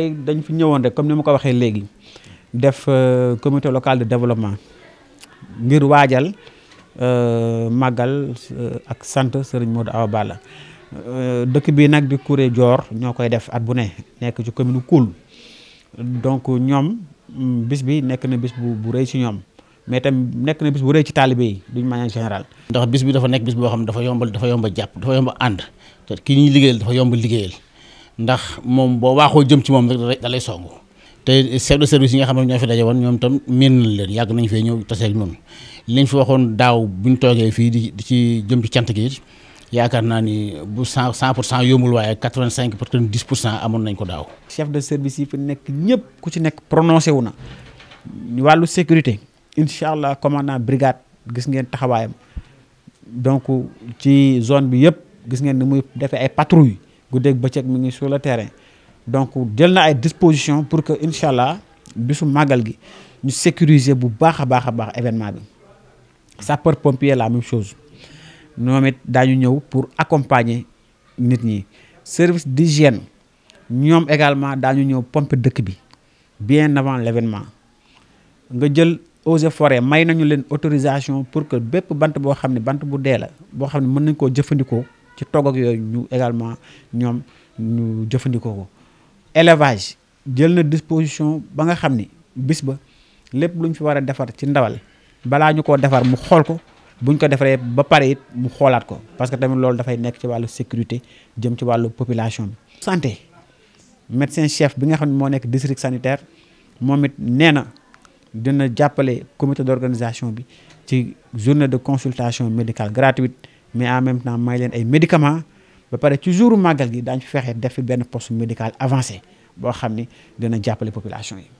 tey dañ fi ñëwoon rek comme ni ma ko waxee léegi def euh, comité local de développement ngir waajal euh, màggal euh, ak sant sëriñ Modou Awa Balla dëkk bii nag di Kuré Dior ñoo koy def at bu ne nekk ci commune Koul donc ñoom mm, bis bi nekk na bis bu bu rëy ci ñoom mais tam nekk na bis bu rëy ci taalibe yi duñ manière générale ndax bis bi dafa nekk bis boo xam ne dafa yombal dafa yomba jàpp dafa yomba ànd te ki ñuy liggéeyal dafa yomba liggéeyal ndax moom boo waaxoo jëm ci moom rek da lay songu te chef de service yi nga xam ne ñoo fi daje ñoom tam miin nañ leen yàgg nañ fee ñëw taseeg noonu liñ fi waxoon daaw buñ toogee fii di ci jëm ci cant gi yaakaar naa ni bu cent cent pour cent yombul waaye quatre vingt cinq pour dix pour cent amoon nañ ko daaw. chef de service yi fi nekk ñëpp ku ci nekk prononcé wu na wàllu sécurité incha allah commandant brigade gis ngeen taxawaayam donc ci zone bi yëpp gis ngeen ni muy defee ay patrouille guddeeg bëccëg mu ngi sur le terrain donc jël na ay dispositions pour que incha allah bisu màggal gi ñu sécuriser bu baax a baax a baax événement bi sapeur pompier la même chose ñoom it daañu ñëw pour accompagner nit ñi service di d'hygiène ñoom également daañu ñëw pompe dëkk bi bien avant l'événement nga jël eaux et may nañu leen autorisation pour que bépp bant boo xam ne bant bu dee la boo xam ne mën nañ koo jëfandikoo ci togg ak yooyu ñu également ñoom ñu jëfandikoo ko élevage jël na disposition ba nga xam ni bis ba lépp lu fi war a defar ci ndawal balaa ñu koo defar mu xool ko buñ ko defaree ba pare it mu xoolaat ko parce que tamit loolu dafay nekk ci wàllu sécurité jëm ci wàllu population bi. santé médecin chef bi nga xam ne moo nekk district sanitaire moom it nee na dina jàppale comité d'organisation bi ci journée de consultation médical gratuite. mais en même temps may leen ay médicament ba pare ci jouru màggal gi daañu fi fexe def fi benn poste médical avancé boo xam ni dana jàppale population yi.